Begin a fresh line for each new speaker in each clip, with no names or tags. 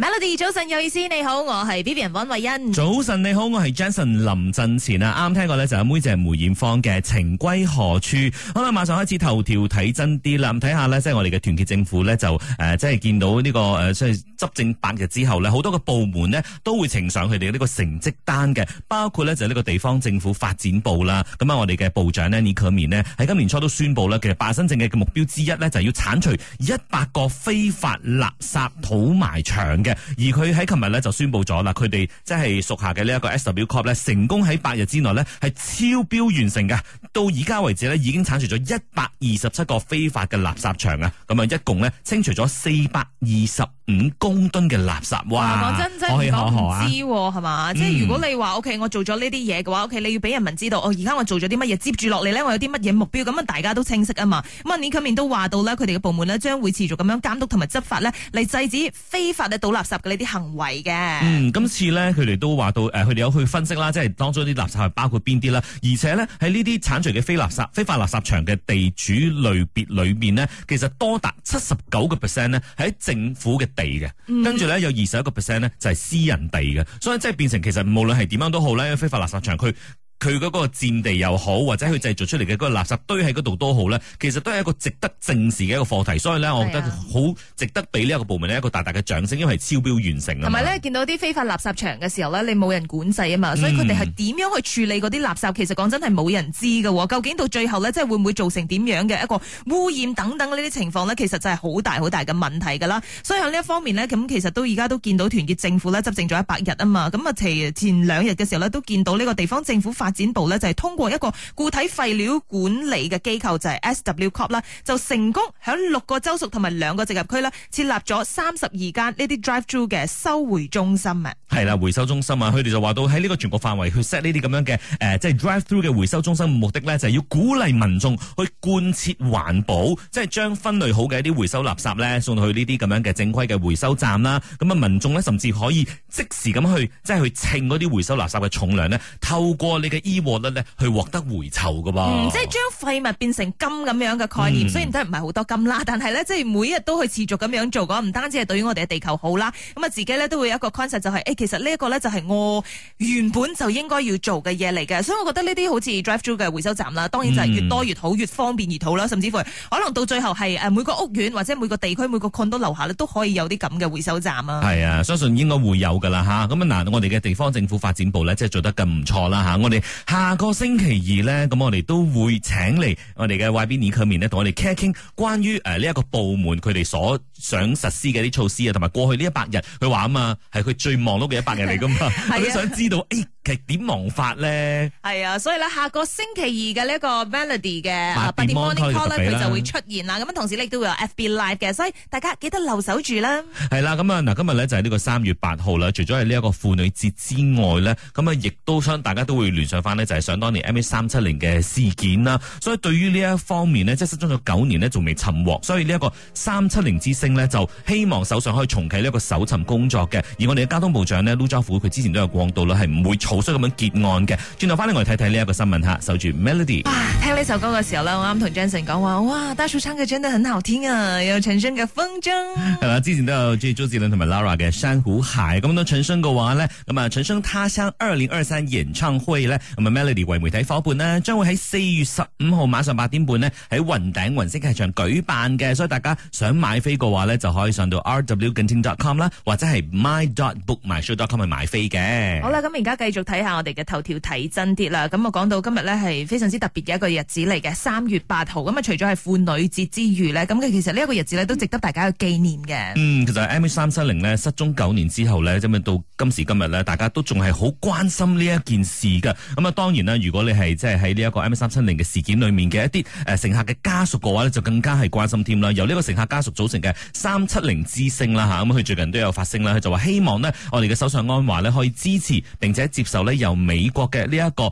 Melody，早晨有意思，你好，我係 B B 人溫慧
恩。早晨你好，我係 Jason 林振前啊！啱聽過咧，就阿妹就梅艷芳嘅《情歸何處》。好啦，馬上開始頭條睇真啲啦，咁睇下呢即係我哋嘅團結政府呢，就、呃、誒即係見到呢、這個誒即係執政百日之後呢，好多嘅部門呢都會呈上佢哋呢個成績單嘅，包括呢就係呢個地方政府發展部啦。咁啊，我哋嘅部長呢，倪可敏喺今年初都宣布啦，其實八新政嘅目標之一呢，就要鏟除一百個非法垃圾土埋場嘅。而佢喺琴日咧就宣布咗啦，佢哋即係屬下嘅呢一個 SWCOP 咧，成功喺八日之內呢係超標完成嘅。到而家為止呢已經鏟除咗一百二十七個非法嘅垃圾場啊！咁啊，一共呢清除咗四百二十五公噸嘅垃圾哇！講真真唔知係嘛？即、
啊、係、嗯、如果你話 O K，我做咗呢啲嘢嘅話，O、okay, K，你要俾人民知道而家、哦、我做咗啲乜嘢？接住落嚟咧，我有啲乜嘢目標？咁啊，大家都清晰啊嘛。咁啊，呢方面都話到咧，佢哋嘅部門咧將會持續咁樣監督同埋執法咧，嚟制止非法嘅倒垃圾
嘅呢啲行為嘅，嗯，今次咧，佢哋都話到，誒，佢哋有去分析啦，即係當中啲垃圾係包括邊啲啦，而且咧喺呢啲鏟除嘅非垃圾、非法垃圾場嘅地主類別裏面咧，其實多達七十九個 percent 咧，係喺政府嘅地嘅，跟住咧有二十一個 percent 咧就係、是、私人地嘅，所以即係變成其實無論係點樣都好咧，非法垃圾場佢。佢嗰個佔地又好，或者佢製造出嚟嘅嗰個垃圾堆喺嗰度都好呢，其實都係一個值得正視嘅一個課題。所以呢，我覺得好值得俾呢一個部門咧一個大大嘅掌聲，因為超標完成。同埋呢，
見到啲非法垃圾場嘅時候呢，你冇人管制啊嘛，所以佢哋係點樣去處理嗰啲垃圾？其實講真係冇人知㗎喎，究竟到最後呢，即係會唔會造成點樣嘅一個污染等等呢啲情況呢？其實就係好大好大嘅問題㗎啦。所以喺呢一方面呢，咁其實都而家都見到團結政府呢執政咗一百日啊嘛，咁啊前前兩日嘅時候呢，都見到呢個地方政府發展部咧就係通過一個固體廢料管理嘅機構就係 SW Corp 啦，就成功響六個州屬同埋兩個直轄區啦，設立咗三十二間呢啲 drive through 嘅收回中心啊。
係啦，回收中心啊，佢哋就話到喺呢個全國範圍去 set 呢啲咁樣嘅誒，即、呃、係、就是、drive through 嘅回收中心嘅目的咧，就係要鼓勵民眾去貫徹環保，即係將分類好嘅一啲回收垃圾咧，送到去呢啲咁樣嘅正規嘅回收站啦。咁啊，民眾咧甚至可以即時咁去即係、就是、去稱嗰啲回收垃圾嘅重量咧，透過你嘅。依率咧去獲得回酬噶喎，即係
將廢物變成金咁樣嘅概念，嗯、雖然都係唔係好多金啦，但係咧即係每日都去持續咁樣做嘅話，唔單止係對於我哋嘅地球好啦，咁啊自己咧都會有一個 concept 就係、是、誒、欸，其實呢一個咧就係我原本就應該要做嘅嘢嚟嘅，所以我覺得呢啲好似 drive thru 嘅回收站啦，當然就係越多越好，越方便越好啦，甚至乎可能到最後係誒每個屋苑或者每個地區每個 condo 都留下咧，都可以有啲咁嘅回收站啊。係啊，
相信應該會有噶啦吓，咁啊嗱，我哋嘅地方政府發展部咧，即係做得咁唔錯啦吓，我哋。下個星期二咧，咁我哋都會請嚟我哋嘅 YB Nic 面咧，同我哋 chatting 關於誒呢一個部門佢哋所想實施嘅啲措施啊，同埋過去呢一百日佢話啊嘛，係佢、嗯、最忙碌嘅一百日嚟噶嘛， 啊、我都想知道誒，其、欸、點忙法咧？係
啊，所以咧下個星期二嘅呢一個 Melody 嘅啊、uh，Morning Call 佢就會出現啦。咁同時咧亦都會有 FB Live 嘅，所以大家記得留守住啦。
係啦、啊，咁啊嗱，今呢日咧就係呢個三月八號啦。除咗係呢一個婦女節之外咧，咁啊亦都相信大家都會聯想。翻呢，就係、是、想當年 MH 三七零嘅事件啦，所以對於呢一方面呢，即係失蹤咗九年呢，仲未尋獲，所以呢一個三七零之星呢，就希望手上可以重啟呢一個搜尋工作嘅。而我哋嘅交通部長咧，陸兆福佢之前都有講到啦，係唔會草率咁樣結案嘅。轉頭翻嚟我哋睇睇呢一個新聞吓，守住 Melody。
哇，聽呢首歌嘅時候呢，我啱同 Jenson 講話，哇，大叔唱歌真的很好聽啊，有陳昇嘅風箏。
係啦，之前都有中周杰倫同埋 Lara 嘅珊瑚海。咁樣陳昇嘅話呢。咁啊陳昇他鄉二零二三演唱會呢。咁啊，Melody 為媒體伙伴呢，將會喺四月十五號晚上八點半呢喺雲頂雲星劇場舉辦嘅，所以大家想買飛嘅話呢，就可以上到 RWGenting.com 啦，或者係 My.BookMyShow.com 去買飛嘅。好
啦，咁而家繼續睇下我哋嘅頭條睇真啲啦。咁我講到今日呢，係非常之特別嘅一個日子嚟嘅，三月八號。咁、嗯、啊，除咗係婦女節之餘呢，咁其實呢一個日子呢，都值得大家去紀念嘅。嗯，
其實 MH 三七零呢，失蹤九年之後呢，咁啊到今時今日呢，大家都仲係好關心呢一件事㗎。咁啊，當然啦，如果你係即係喺呢一個 M 三七零嘅事件裏面嘅一啲誒乘客嘅家屬嘅話呢，就更加係關心添啦。由呢個乘客家屬組成嘅三七零之聲啦吓，咁佢最近都有發聲啦，佢就話希望呢我哋嘅首相安華呢可以支持並且接受呢由美國嘅呢一個誒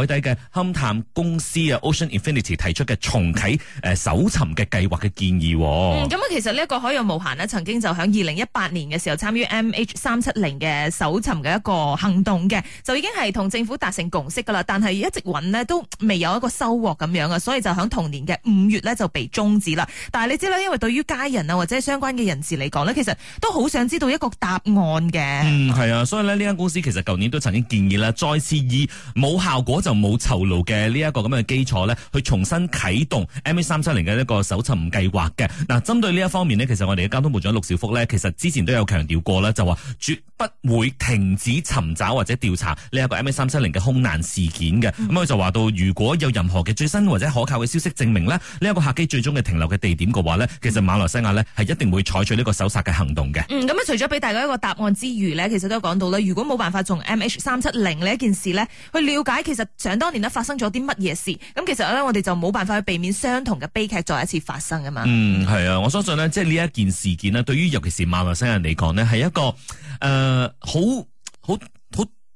海底嘅勘探公司啊 Ocean Infinity 提出嘅重啟誒搜尋嘅計劃嘅建議。喎，嗯。
咁啊，其實呢一個海洋無限呢曾經就喺二零一八年嘅時候參與 M H 三七零嘅搜尋嘅一個行動嘅，就已經係同政府達成。紅色噶啦，但係一直揾呢都未有一個收穫咁樣啊，所以就喺同年嘅五月呢就被終止啦。但係你知啦，因為對於家人啊或者相關嘅人士嚟講呢，其實都好想知道一個答案嘅。嗯，
係啊，所以咧呢間公司其實舊年都曾經建議啦，再次以冇效果就冇酬勞嘅呢一個咁嘅基礎呢，去重新啟動 M A 三七零嘅一個搜尋計劃嘅。嗱，針對呢一方面呢，其實我哋嘅交通部長陸兆福呢，其實之前都有強調過啦，就話絕不會停止尋找或者調查呢一個 M A 三七零嘅空。難事件嘅，咁佢就話到，如果有任何嘅最新或者可靠嘅消息證明呢，呢、這、一個客機最終嘅停留嘅地點嘅話呢，其實馬來西亞呢係一定會採取呢個搜索嘅行動嘅。
嗯，咁啊除咗俾大家一個答案之餘呢，其實都講到咧，如果冇辦法從 M H 三七零呢一件事呢去了解，其實想當年咧發生咗啲乜嘢事，咁其實咧我哋就冇辦法去避免相同嘅悲劇再一次發生啊嘛。嗯，
係啊，我相信呢，即係呢一件事件呢，對於尤其是馬來西亞人嚟講呢，係一個誒好好，呃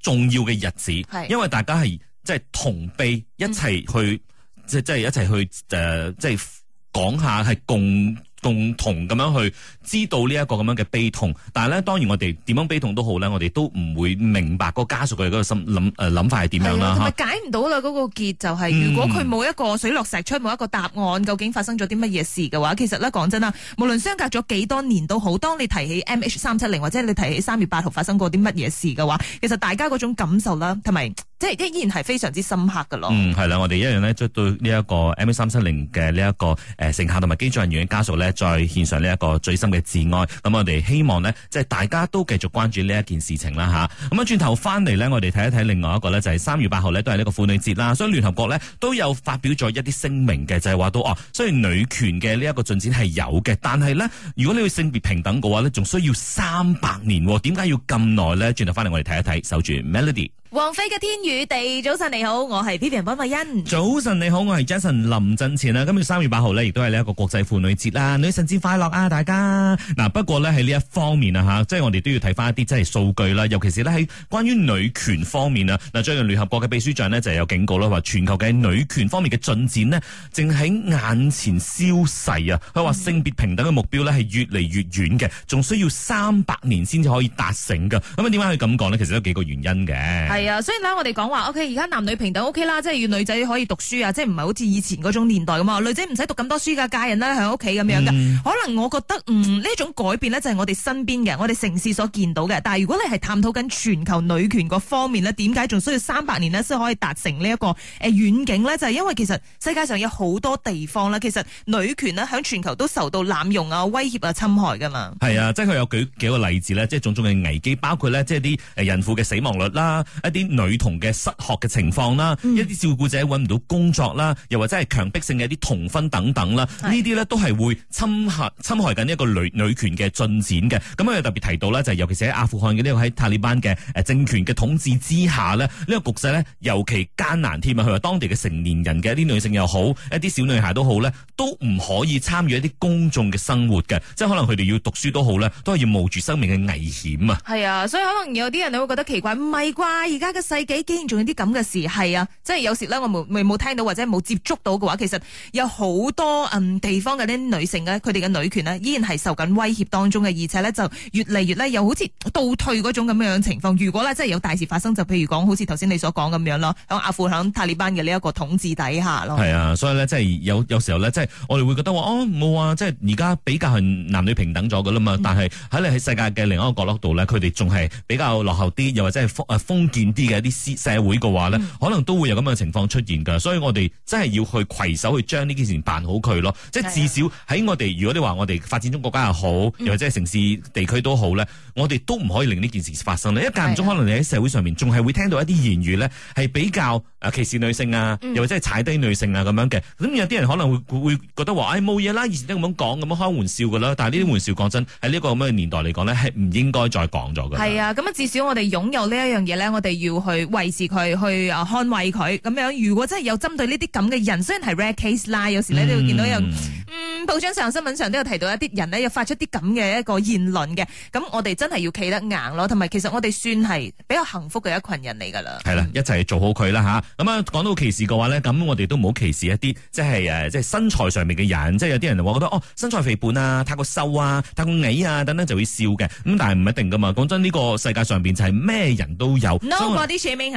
重要嘅日子，因為大家係即係同悲一齊去，即即係一齊去誒，即、呃、係、即係、講下係共。共同咁樣去知道呢一個咁樣嘅悲痛，但係咧，當然我哋點樣悲痛都好咧，我哋都唔會明白個家屬嘅嗰個心諗誒諗法係點樣啦。同埋
解唔到啦嗰個結就係、是，如果佢冇一個水落石出，冇一個答案，究竟發生咗啲乜嘢事嘅話，其實咧講真啦，無論相隔咗幾多年都好，當你提起 MH370 或者你提起三月八號發生過啲乜嘢事嘅話，其實大家嗰種感受啦，同埋。即係依然係非常之深刻噶咯。嗯，
係啦，我哋一樣咧，對呢一個 M A 三七零嘅呢一個誒、呃、乘客同埋機組人員嘅家屬咧，再獻上呢一個最深嘅致哀。咁我哋希望呢，即係大家都繼續關注呢一件事情啦，吓咁啊。轉頭翻嚟呢，我哋睇一睇另外一個呢，就係、是、三月八號呢，都係呢個婦女節啦。所以聯合國呢，都有發表咗一啲聲明嘅，就係話到哦，雖然女權嘅呢一個進展係有嘅，但係呢，如果你要性別平等嘅話、啊、呢，仲需要三百年。點解要咁耐呢？轉頭翻嚟，我哋睇一睇，守住 Melody。
王菲嘅天與
地，早晨你好，我係 P P R 潘慧欣。早晨你好，我係 Jason 林振前啦。今日三月八號呢，亦都係呢一個國際婦女節啦，女神節快樂啊，大家！嗱，不過呢，喺呢一方面啊吓，即係我哋都要睇翻一啲即係數據啦，尤其是呢，喺關於女權方面啊嗱，最近聯合國嘅秘書長呢，就有警告啦，話全球嘅女權方面嘅進展呢，正喺眼前消逝啊！佢、嗯、話性別平等嘅目標呢，係越嚟越遠嘅，仲需要三百年先至可以達成噶咁點解佢咁講呢？其實有幾個原因嘅。
係啊，所以咧，我哋講話 O K，而家男女平等 O K 啦，即係要女仔可以讀書啊，即係唔係好似以前嗰種年代咁啊，女仔唔使讀咁多書噶，嫁人啦響屋企咁樣噶、嗯。可能我覺得嗯呢一種改變呢，就係我哋身邊嘅，我哋城市所見到嘅。但係如果你係探討緊全球女權嗰方面呢，點解仲需要三百年呢？先可以達成呢一個誒遠景呢？就係、是、因為其實世界上有好多地方啦，其實女權呢，響全球都受到濫用啊、威脅啊、侵害噶嘛。
係啊，即係佢有舉幾個例子呢，即係種種嘅危機，包括呢，即係啲誒孕婦嘅死亡率啦。一啲女童嘅失學嘅情況啦、嗯，一啲照顧者揾唔到工作啦，又或者係強迫性嘅一啲童婚等等啦，呢啲咧都係會侵害侵害緊一個女女權嘅進展嘅。咁佢特別提到咧，就是、尤其是喺阿富汗嘅呢個喺塔利班嘅誒政權嘅統治之下咧，呢、這個局勢咧尤其艱難添啊。佢話當地嘅成年人嘅一啲女性又好，一啲小女孩都好咧，都唔可以參與一啲公眾嘅生活嘅，即係可能佢哋要讀書都好咧，都係要冒住生命嘅危險啊。係啊，所以
可能有啲人你會覺得奇怪，唔係啩？而家嘅世紀竟然仲有啲咁嘅事，係啊！即係有時咧，我冇未冇聽到或者冇接觸到嘅話，其實有好多嗯地方嘅啲女性呢，佢哋嘅女權呢，依然係受緊威脅當中嘅，而且呢，就越嚟越呢，又好似倒退嗰種咁樣樣情況。如果呢，即係有大事發生，就譬如講好似頭先你所講咁樣咯，響阿富汗嘅塔利班嘅呢一個統治底下咯。係
啊，所以呢，即係有有時候呢，即係我哋會覺得話哦，冇啊！即係而家比較係男女平等咗噶啦嘛，但係喺你喺世界嘅另一個角落度呢，佢哋仲係比較落後啲，又或者係封封建。啲嘅一啲社社會嘅話咧、嗯，可能都會有咁嘅情況出現噶，所以我哋真係要去攜手去將呢件事情辦好佢咯。即係至少喺我哋，如果你話我哋發展中國家又好，又、嗯、或者係城市地區都好咧，我哋都唔可以令呢件事發生，因為間唔中可能你喺社會上面仲係會聽到一啲言語咧，係比較歧視女性啊，又、嗯、或者係踩低女性啊咁樣嘅。咁有啲人可能會會覺得話，哎冇嘢啦，以前都咁講，咁樣開玩笑噶啦。但係呢啲玩笑，講真喺呢個咁嘅年代嚟講咧，係唔應該再講咗噶。係啊，
咁至少我哋擁有呢一樣嘢咧，我哋。要去維持佢，去啊捍衛佢咁樣。如果真係有針對呢啲咁嘅人，雖然係 rare case 啦，有時咧你、嗯、會見到有。嗯報章上、新聞上都有提到一啲人呢，又發出啲咁嘅一個言論嘅。咁我哋真係要企得硬咯，同埋其實我哋算係比較幸福嘅一群人嚟噶啦。
係啦，一齊做好佢啦吓。咁啊，講到歧視嘅話呢，咁我哋都唔好歧視一啲即係誒，即係身材上面嘅人，即係有啲人會覺得哦，身材肥胖啊，太過瘦啊，太過、啊、矮啊等等，就會笑嘅。咁但係唔一定噶嘛。講真，呢個世界上邊就係咩人都有。No body shaming，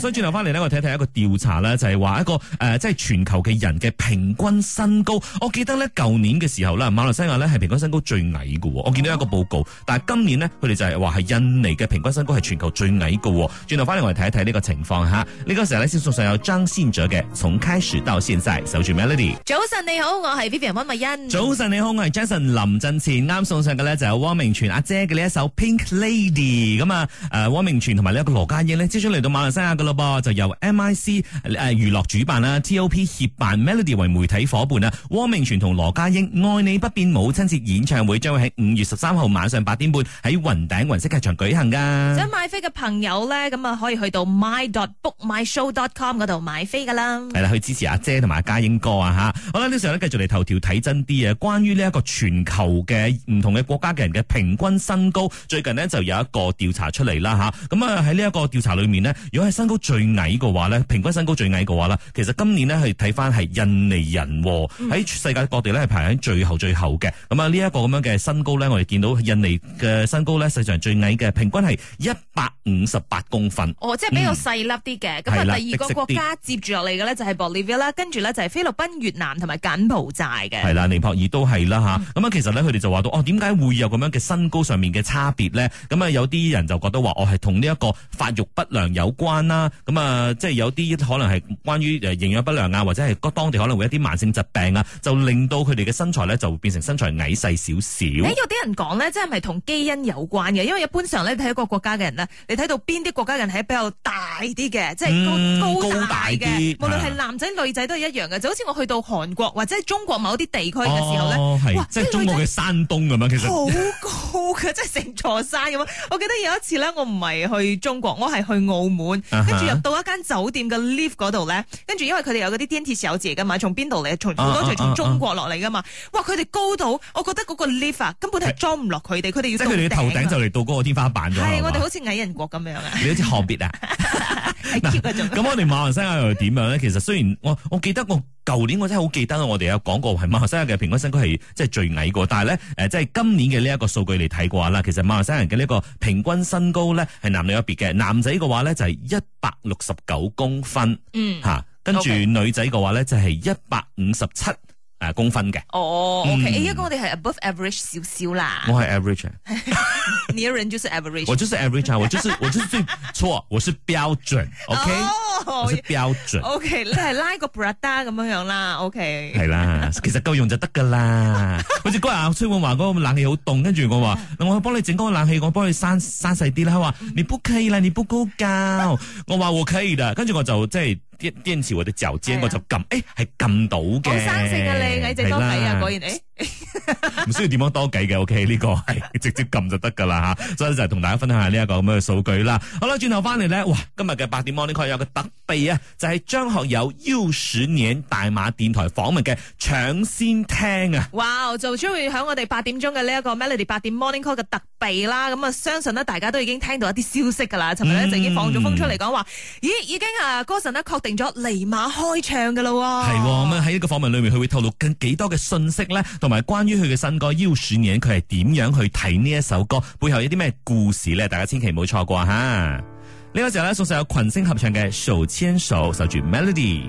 所以轉頭翻嚟呢，huh? Yeah, 我睇睇一個調查啦， 就係話一個誒、呃，即係全球嘅人嘅平均身高。我記得呢。舊年嘅時候啦，馬來西亞呢係平均身高最矮嘅。我見到一個報告，但係今年呢，佢哋就係話係印尼嘅平均身高係全球最矮嘅。轉頭翻嚟我哋睇一睇呢個情況吓。呢、這個時候呢先送上有張先仔嘅《從開始到現在》，守住 Melody。
早
晨你好，我係 Vivian 溫慧欣。早晨你好，我係 Jason 林振前。啱送上嘅呢，就有汪明荃阿姐嘅呢一首《Pink Lady》。咁啊，誒、啊、汪明荃同埋呢一個羅家英呢，即將嚟到馬來西亞噶啦噃，就由 M I C 誒、呃、娛樂主辦啦，T O P 協辦，Melody 為媒體夥伴啊。汪明荃同。羅家英愛你不變母親節演唱會將會喺五月十三號晚上八點半喺雲頂雲色劇場舉行噶，想
買飛嘅朋友咧，咁啊可以去到 my.bookmyshow.com 嗰度買飛噶啦。
係啦，去支持阿姐同埋家英哥啊！吓，好啦，呢時候咧繼續嚟頭條睇真啲啊！關於呢一個全球嘅唔同嘅國家嘅人嘅平均身高，最近呢就有一個調查出嚟啦吓。咁啊喺呢一個調查裏面呢，如果係身高最矮嘅話咧，平均身高最矮嘅話啦，其實今年呢，係睇翻係印尼人喺世界各我哋咧係排喺最後最後嘅，咁啊呢一個咁樣嘅身高咧，我哋見到印尼嘅身高咧，世界上最矮嘅平均係一百五十八公分。哦，即係比較細
粒啲嘅。咁、嗯、啊，第二個國家接住落嚟嘅咧就係玻利維亞啦，跟住咧就係菲律賓、越南同埋柬埔寨嘅。係啦，
尼泊爾都係啦吓，咁啊，其實咧佢哋就話到，哦點解會有咁樣嘅身高上面嘅差別咧？咁啊有啲人就覺得話，我係同呢一個發育不良有關啦。咁啊，即係有啲可能係關於誒營養不良啊，或者係當地可能會有一啲慢性疾病啊，就令。到佢哋嘅身材咧，就會變成身材矮細少少。誒，有
啲人講咧，即係咪同基因有關嘅？因為一般上咧，睇一個國家嘅人咧，你睇到邊啲國家人係比較大啲嘅，即、就、係、是、高、嗯、高大嘅。無論係男仔女仔都係一樣嘅。就好似我去到韓國或者中國某啲地區嘅時候咧、哦，即係中國嘅
山東咁樣，其
實好高嘅，即係成座山咁樣。 我記得有一次咧，我唔係去中國，我係去澳門，跟、uh、住 -huh. 入到一間酒店嘅 lift 嗰度咧，跟住因為佢哋有嗰啲 dentist 有住嘅嘛，從邊度嚟？從多數、uh -uh -uh -uh. 中國嚟噶嘛？哇！佢哋高度，我覺得嗰個 lift 啊，根本係裝唔落佢哋，佢哋要到頂。即係你頭頂就
嚟到嗰個天花板咗。係，我哋好
似矮人國咁樣啊！
你好似後壁啊？咁 我哋馬來西亞又點樣咧？ 其實雖然我我記得我舊年我真係好記得我，我哋有講過係馬來西亞嘅平均身高係即係最矮個。但係咧誒，即、呃、係、就是、今年嘅呢一個數據嚟睇嘅話啦，其實馬來西亞人嘅呢個平均身高咧係男女有別嘅。男仔嘅話咧就係一百六十九公分，嗯
嚇、啊，跟住
女仔嘅話咧、okay. 就係一百五十七。啊，公分嘅哦、
oh,，OK，一、嗯、個我哋係 above average 少
少啦，我係 average， 你嘅人就
是 average，我就是 average，、啊、我就是
我就是最 錯，我是標準，OK，、
oh, 我是標準，OK，你係拉一個 brother 咁樣樣啦，OK，
係 啦，其實夠用就得噶啦，好似嗰日崔婉華嗰個冷氣好凍，跟住我話， 我去幫你整個冷氣，我幫你刪刪細啲啦，佢話你不可以啦，你不高教， 我話我可以啦，跟住我就即係。踮起我的腳尖、啊，我就撳，誒、欸，係撳到嘅。好生性啊你，矮仔多計啊，啊果然。誒、欸。唔 需要點樣多計嘅，OK 呢個係直接撳就得噶啦吓， 所以就係同大家分享下呢一個咁嘅數據啦。好啦，轉頭翻嚟咧，哇，今日嘅八點 Morning Call 有個特備啊，就係、是、張學友邀選影大馬電台訪問嘅搶先聽啊！
哇，做咗會響我哋八點鐘嘅呢一個 Melody 八點 Morning Call 嘅特備啦，咁啊，相信咧大家都已經聽到一啲消息噶啦，尋日咧就已經放咗風出嚟講話，咦，已經啊歌神咧確定咗嚟馬開唱噶啦，係
咁喺呢個訪問裏面，佢會透露更幾多嘅信息咧，同。同埋關於佢嘅新歌，要選影佢係點樣去睇呢一首歌背後有啲咩故事咧？大家千祈唔好錯過吓。呢、這個時候咧，送上有群星合唱嘅《手牽手》，守住 Melody。